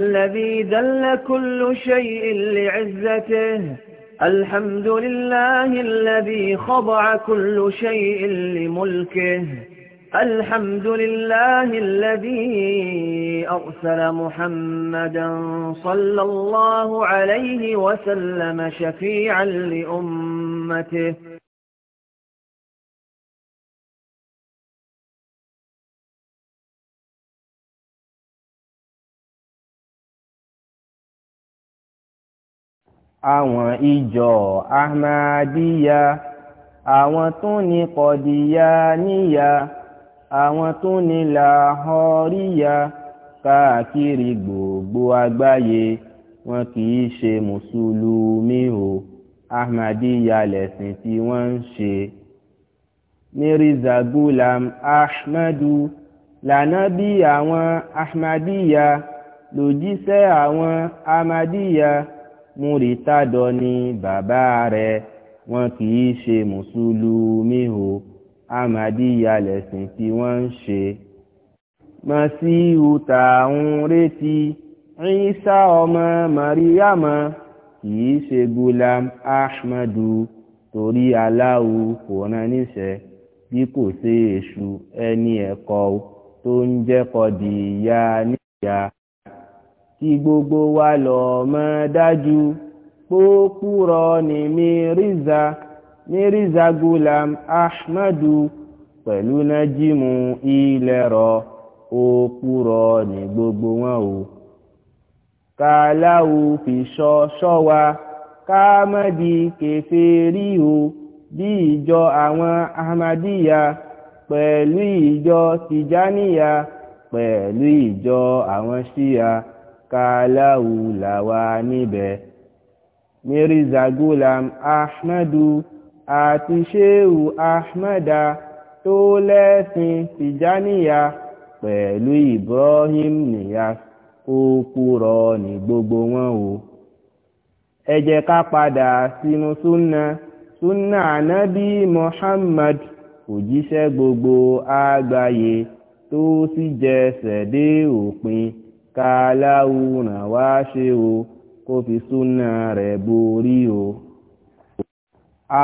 الذي ذل كل شيء لعزته الحمد لله الذي خضع كل شيء لملكه الحمد لله الذي أرسل محمدا صلى الله عليه وسلم شفيعا لأمته àwọn ìjọ ahmadiyya àwọn tún ní kọdíyà níyà àwọn tún ní làhọríyà káàkiri gbogbo àgbáyé wọn kì í ṣe mùsùlùmí o ahmadiyya lẹ̀sìn tí wọ́n ń ṣe. mirza gulam ahmadu lànábì àwọn ahmadiyya lòjíṣẹ́ àwọn ahmadiyya múrítàdọ ni bàbá rẹ̀ wọn kì í ṣe mùsùlùmí o amadiya lẹ̀sìn tí wọ́n ń ṣe. masihu tá retí Isa ọmọ mariama kì í ṣe gulam ahmadu torí aláwo kò rán níṣẹ́ bí kò ṣe èṣù ẹni ẹ̀kọ́ tó ń jẹ́kọ̀ọ́ di ìyá níyà kí gbogbo wa lọ mọ̀ dájú pókúrọ ní mírízà mírízà gulam ahmadu pẹ̀lú nájímù ilẹ̀rọ òkúrọ ní gbogbo wọn o kàláwù fi sọ sọ wa káàmọ́dì kèfèrí o bí ìjọ àwọn ahmadiyya pẹ̀lú ìjọ tìjáníyà pẹ̀lú ìjọ àwọn ṣíyà kàláwù làwà níbẹ̀ mirza gulam ahmadu àti sheu ahmada tó lẹ́sìn tìjáníyà pẹ̀lú ibrahim niyas ó kúrọ ní gbogbo wọn o ẹ jẹ́ ká padà sínú súnà súnà ànábì muhammad òjíṣẹ́ gbogbo àgbáyé tó sì jẹsẹ̀ dé òpin kàláwù nà wá ṣe o kó fi súnà rẹ̀ borí o.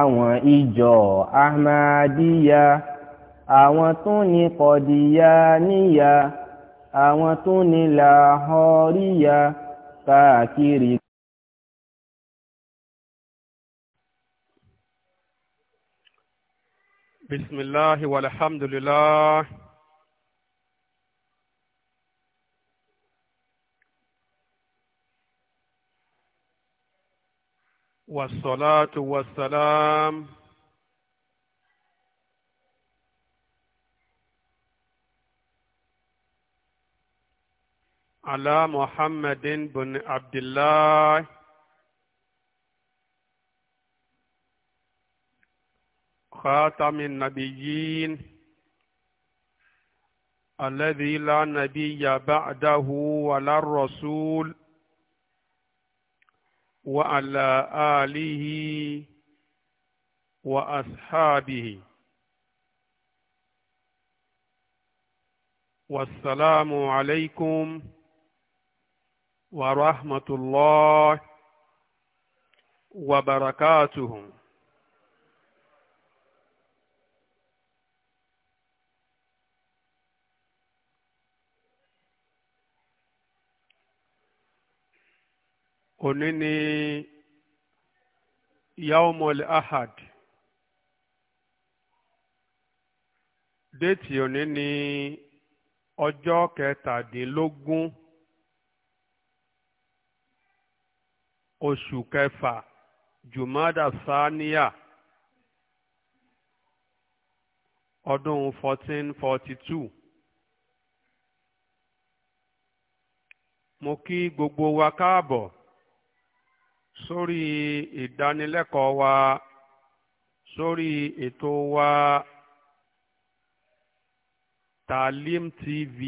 àwọn ìjọ ahmadiyya àwọn tún ní kọdíyà níyà àwọn tún ní làhọríyà káàkiri. بسم الله والصلاة والسلام على محمد بن عبد الله خاتم النبيين الذي لا نبي بعده ولا الرسول وعلى آله وأصحابه والسلام عليكم ورحمة الله وبركاته òní ni yaumul ahad déètì òní ni ọjọ́ kẹtàdínlógún oṣù kẹfà jùmọ́dà sáníyà ọdún fourteen forty two. mo kí gbogbo wa káàbọ̀ sórí ìdánilẹ́kọ̀ọ́ wa sórí ètò wa Talim TV.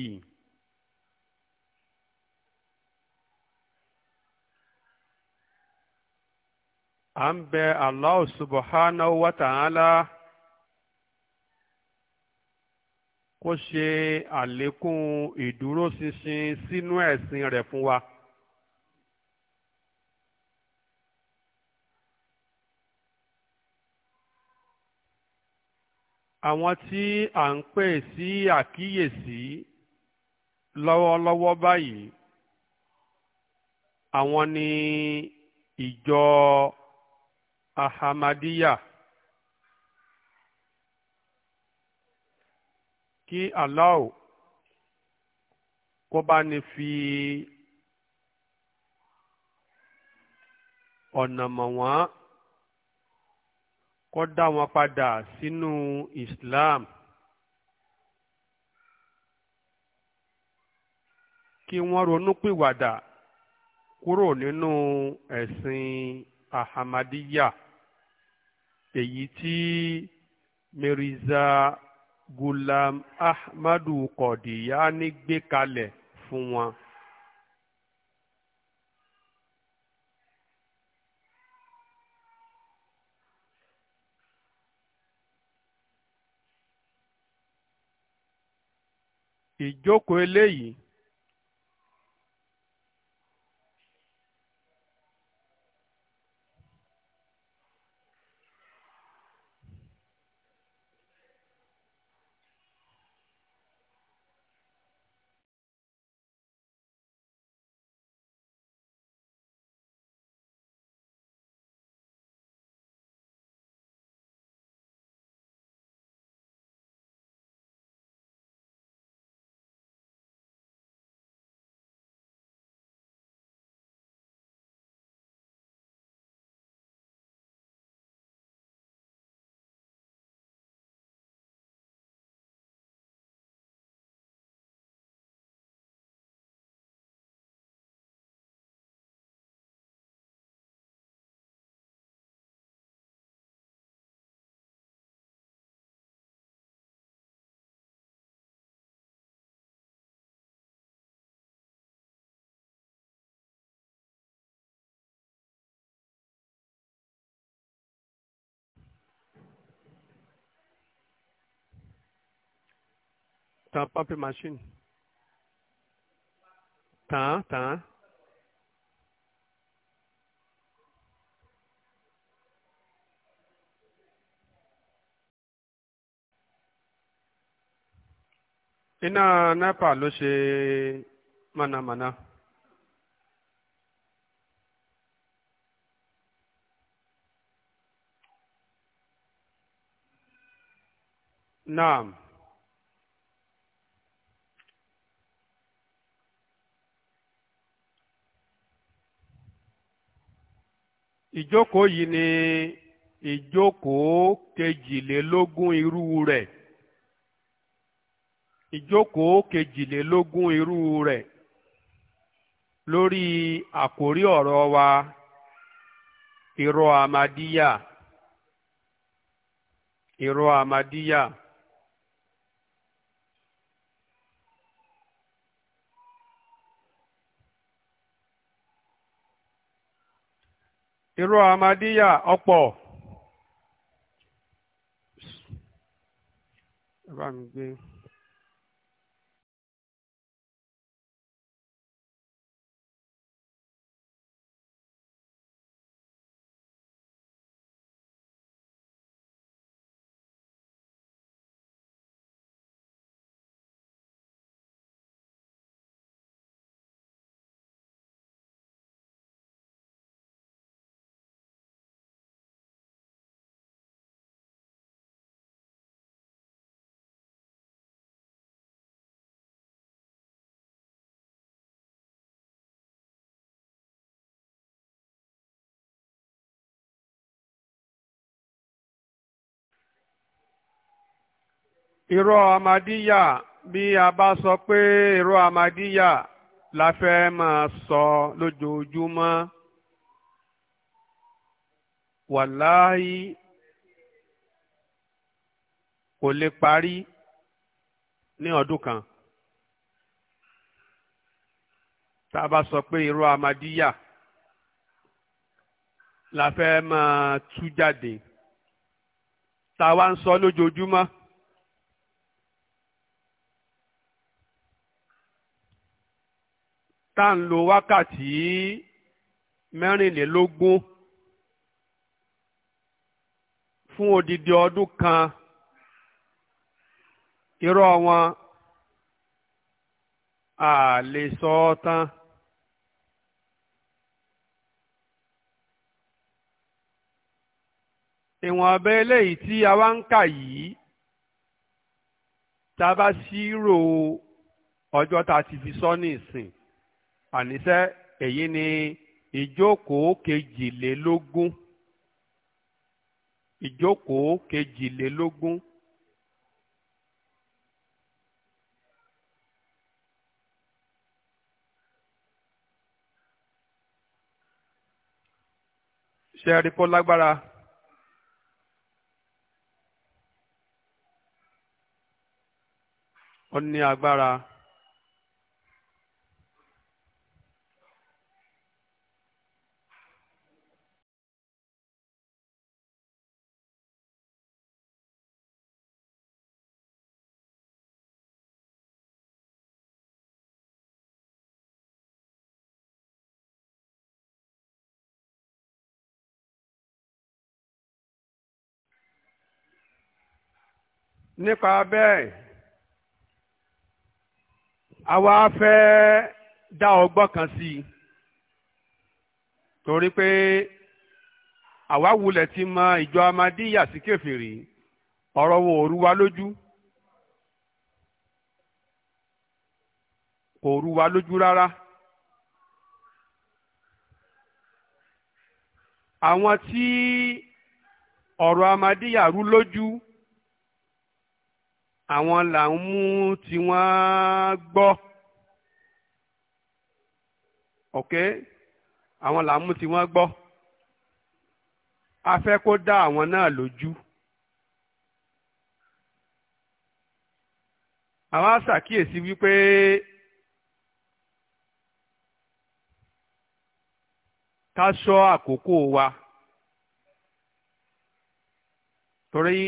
à ń bẹ Allah subhanahu wa ta'ala kó ṣe àlékún ìdúróṣinṣin sínú ẹ̀sìn rẹ̀ fún wa. àwọn tí à ń pè sí àkíyèsí lọ́wọ́lọ́wọ́ báyìí àwọn ni ìjọ ahamadiya kí Allah kó bá ní fi ọ̀nà wọ́n kó dá wọn padà sínú Islam kí wọ́n ronúpìwàdà kúrò nínú ẹ̀sìn ahamadiya èyí tí Mirza Gulam Ahmadu Kọ̀dìyá ní gbé kalẹ̀ fún wọn. ìjókòó eléyìí tan pumping machine tàn tàn. iná nepa ló ṣe mànàmáná. naam. ìjókòó yìí ni ìjókòó kejìlélógún irú rẹ̀ ìjókòó kejìlélógún irú rẹ̀ lórí àkórí ọ̀rọ̀ wa irọ́ amadíyà irọ́ amadíyà. irọ́ amadíyà ọ̀pọ̀ ẹ bá mi gbé. irọ́ amadíyà bí a bá sọ pé irọ́ amadíyà la fẹ́ máa sọ lójoojúmọ́ wàláhí kò lè parí ní ọdún kan tá a bá sọ pé irọ́ amadíyà la fẹ́ máa tú jáde tá a wá ń sọ lójoojúmọ́. tá à ń lo wákàtí mẹ́rìnlélógún fún odidi ọdún kan irọ́ wọn a lè sọ ọ́ tán. ìwọ̀n abẹ́ eléyìí tí a wá ń kà yìí tá a bá ṣírò ọjọ́ tá a ti fi sọ ní ìsìn àníṣe èyí ni ìjókòó kejìlélógún ìjókòó kejìlélógún. ṣe rí pọ́ lágbára. ó ní agbára. nípa bẹ́ẹ̀ àwa fẹ́ dá ọgbọ́n kan sí i torí pé àwa wulẹ̀ ti mọ ìjọ amadíyà sí kẹfìrì ọ̀rọ̀ wọn ò rú wa lójú kò rú lójú rárá. àwọn tí ọ̀rọ̀ amadíyà rú lójú àwọn là ń mú tí wọ́n gbọ́ ok àwọn là ń mú tí wọ́n gbọ́ a fẹ́ kó dá àwọn náà lójú. àwa ṣàkíyèsí wípé ká ṣọ́ àkókò wa torí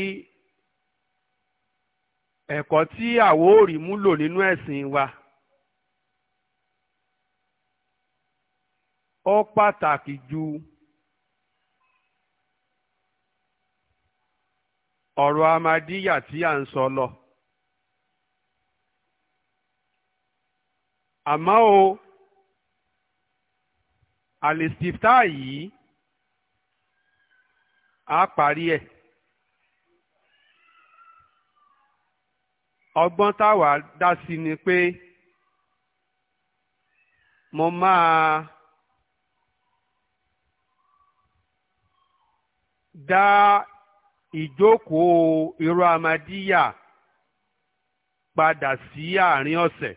ẹ̀kọ́ tí àwo ò rí múlò nínú ẹ̀sìn wa ó pàtàkì ju ọ̀rọ̀ amadíyà tí à ń sọ lọ. àmọ́ o àlè stifta yìí á parí ẹ̀. ọgbọ́n táwa dá sí ni pé mo máa dá ìjókòó irú amadíyà padà sí àárín ọ̀sẹ̀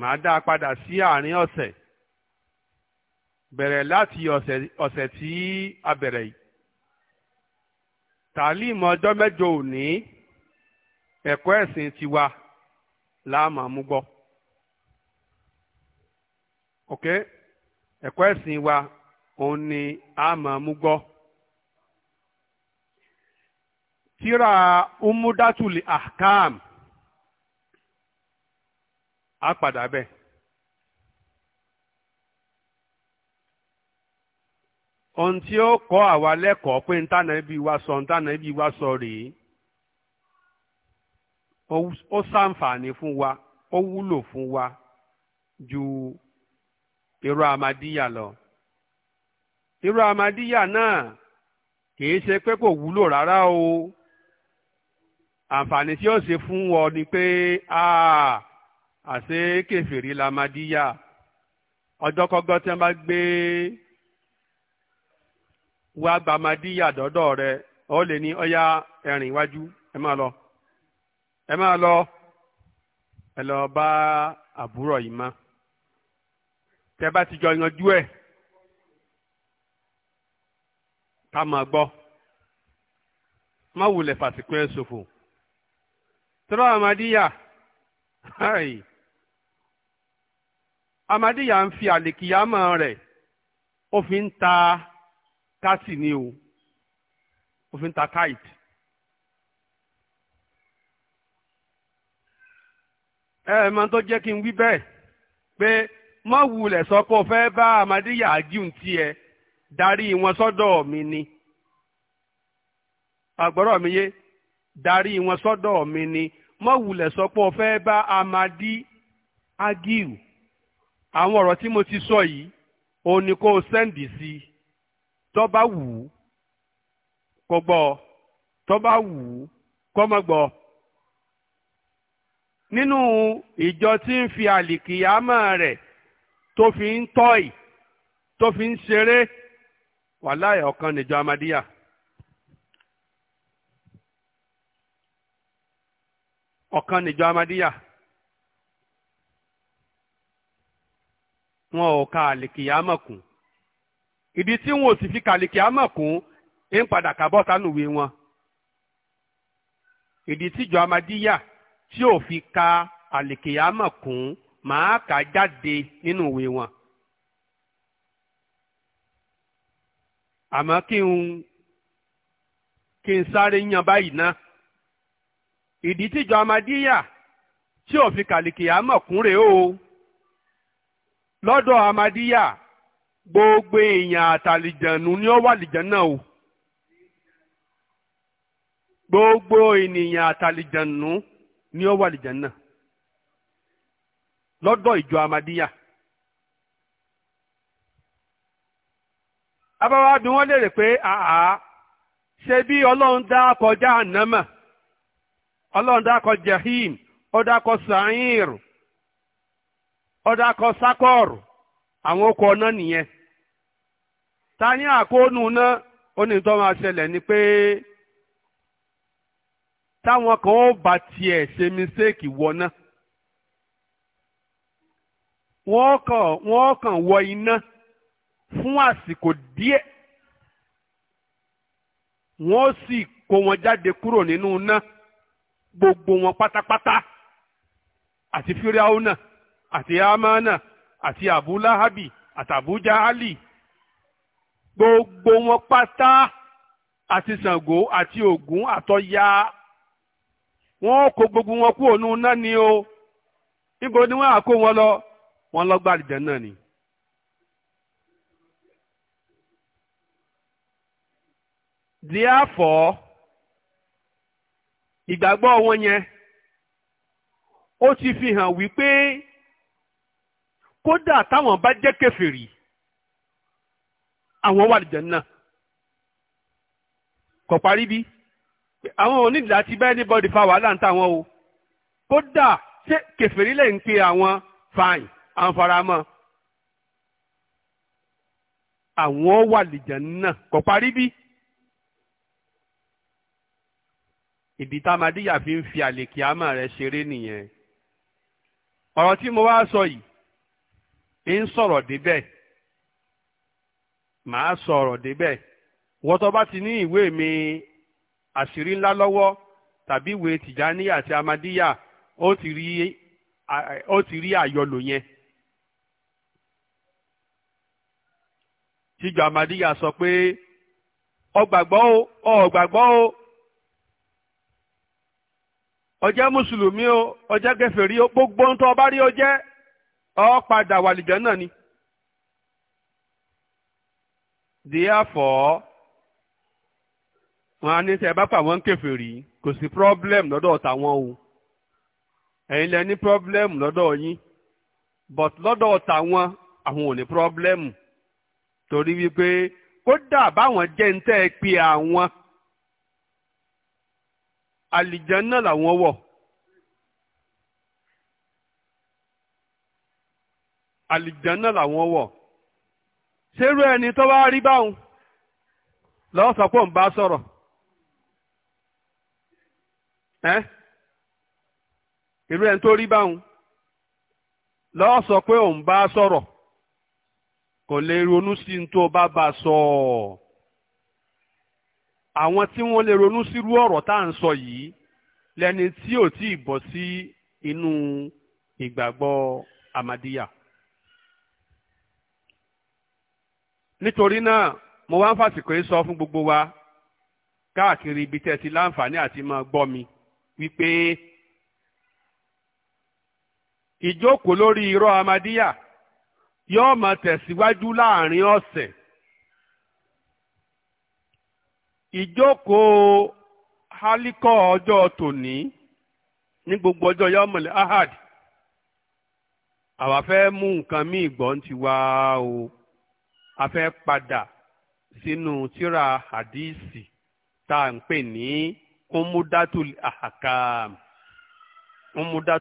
màá dá a padà sí àárín ọ̀sẹ̀ bẹ̀rẹ̀ láti ọ̀sẹ̀ ọ̀sẹ̀ tí a bẹ̀rẹ̀ yìí tàlímù ọjọ́ mẹ́jọ òní. ẹ̀kọ́ ẹ̀sìn tiwa láàmà mú gbọ́ ok ẹ̀kọ́ ẹ̀sìn wa òun ni àmà mú Tira tíra umudatuli ahkam A padà bẹ́ẹ̀. ohun tí ó kọ́ àwa lẹ́kọ̀ọ́ pé ntànà ibi wa sọ ntànà ibi wa sọ rèé ó ṣàǹfààní fún wa ó wúlò fún wa ju irú amadíyà lọ irú amadíyà náà kìí ṣe pé kò wúlò rárá o àǹfààní tí ó ṣe fún ọ ni pé àṣé kèfèrí lamadíyà ọjọ́ kọ́gọ́ tí wọ́n bá gbé wá gbamadíyà dọ́dọ̀ rẹ ó lè ní ọ ẹ̀rìn iwájú ẹ lọ. ẹ máa lọ ẹ lọ bá àbúrò yìí mọ́ tẹ́ bá ti jọ yanjú ẹ̀ ká máa gbọ́ má wulẹ̀ fàsìkò ẹ̀ ṣòfò tọ́lá àmàdíyà àmàdíyà ń fi àlèkìyàmọ̀ rẹ̀ ó fi ta kásì ni o ó ta káìtì. ẹ mọ tó jẹ́ kí n wí bẹ́ẹ̀ pé mọ wulẹ̀ sọ pé o fẹ́ bá amadíyà ajíhùn tiẹ̀ darí wọn sọ́dọ̀ mi ni àgbọ̀rọ̀ mi yé darí wọn sọ́dọ̀ mi ni mọ wulẹ̀ sọ pé o fẹ́ bá amadi agiu àwọn ọ̀rọ̀ tí mo ti sọ yìí òun ni kó o sẹ́ǹdì sí tó bá wù ú kó gbọ́ tó bá wù ú kó má gbọ́. nínú ìjọ tí ń fi àlìkìyámọ̀ rẹ̀ tó fi ń tọ́ì tó fi ń ṣeré wà láyé ọ̀kan níjọ amadíyà. ọ̀kan níjọ amadíyà. wọn ò ka àlìkìyámọ̀ kún ìdí tí wọn ò sì fi kàlìkìyámọ̀ kún ń padà kàbọ̀ sánú ìwé wọn ìdí tíjọ amadíyà. tí ò fi ka àlìkìyámọ̀ kún màá kà jáde nínú ìwé wọn. àmọ́ kí n kí n sáré yan báyìí ná ìdí tíjọ amadíyà tí ò fi kàlìkìyámọ̀ kún rèé o lọ́dọ̀ amadíyà gbogbo èèyàn àtàlìjànù ni ó wà lìjànà o gbogbo ènìyàn àtàlìjànù ni ó wà lìjánná lọ́dọ̀ ìjọ Amadiya. abáwá bí wọ́n léèrè pé àá ṣe bí ọlọ́run dá kọjá ànámà ọlọ́run dá kọ jahim ó kọ sa'ir ó kọ sakor àwọn okọ̀ ọ̀nà nìyẹn ta ni àkóónú náà ó ní tó máa ṣẹlẹ̀ ni pé. táwọn kan ó bá tiẹ̀ ṣe mistake wọ náà wọ́n kàn wọ́n kàn wọ iná fún àsìkò díẹ̀ wọ́n sì kó wọn jáde kúrò nínú iná gbogbo wọn pátápátá àti fíráúnà àti amánà àti abúláhábì àtàbújá ali gbogbo wọn pátá àti ṣàngó àti ògún àtọya wọ́n kó gbogbo wọn kú òun náà ni o níbo ni wọ́n á kó wọn lọ wọn lọ́gbà àdìjẹ́ náà ni. therefore ìgbàgbọ́ wọn yẹn ó ti fi hàn wípé kódà táwọn bá jẹ́ kèfèrí àwọn wà àdìjẹ́ náà kò parí bí. àwọn onídìí àti bẹ́ẹ̀ ní bọ́dì fa wàhálà ń tà wọ́n o kódà ṣé kẹfẹ́rí lè ń pe àwọn fàìn àwọn faramọ́ àwọn wà lìjàn náà kò parí bí. ìdí tá amadíyà fi ń fi àlè kíámà rẹ ṣeré nìyẹn ọ̀rọ̀ tí mo wá sọ yìí ń sọ̀rọ̀ débẹ̀ màá sọ̀rọ̀ débẹ̀ wọ́n tó bá ti ní ìwé mi àṣírí ńlá lọ́wọ́ tàbí ìwé tìjání àti amadíyà ó ti rí ó àyọlò yẹn. tíjọ amadíyà sọ pé ọgbàgbọ́ o ọgbàgbọ́ o ọjẹ́ mùsùlùmí o ọjẹ́ kèfèrí o gbogbo ń tọ́ ọ bá rí o jẹ́ ọ padà wàlìjẹ́ náà ni. therefore wọn á ní sẹ bá fà wọn kèfèrí kò sí problem lọ́dọ̀ tàwọn o ẹ̀yin lẹ ní problem lọ́dọ̀ yín but lọ́dọ̀ tàwọn àwọn ò ní problem torí wípé kódà báwọn jẹ́ ń tẹ́ ẹ pé àwọn àlìjànnà làwọn wọ̀. àlìjànnà làwọn wọ̀ ṣerú ẹni tó bá rí báwọn lọ́wọ́ sọ pé òun bá sọ̀rọ̀. ẹ́ irú ẹni tó rí báwọn lọ́ọ́ sọ pé òun bá sọ̀rọ̀ kò lè ronú sí ní tó bá bá sọ ọ́ àwọn tí wọ́n lè ronú sírú ọ̀rọ̀ tá à ń sọ yìí lẹ́ni tí ò tí ì bọ̀ sí inú ìgbàgbọ́ Ahmadiyya. nítorí náà mo wá ń fàsìkò sọ fún gbogbo wa káàkiri ibi tẹ́ ti láǹfààní àti máa gbọ́ mi. wípé ìjókòó lórí irọ́ amadíyà yóò máa tẹ̀síwájú láàrin ọ̀sẹ̀ ìjókòó hálíkọ́ ọjọ́ tòní ní gbogbo ọjọ́ yọmọlẹ̀ ahad àwa fẹ́ mú nǹkan mi gbọ ń ti wá o a fẹ́ padà sínú tíra hadisi tá à ń pè ní. umudatul ahakam umudatul.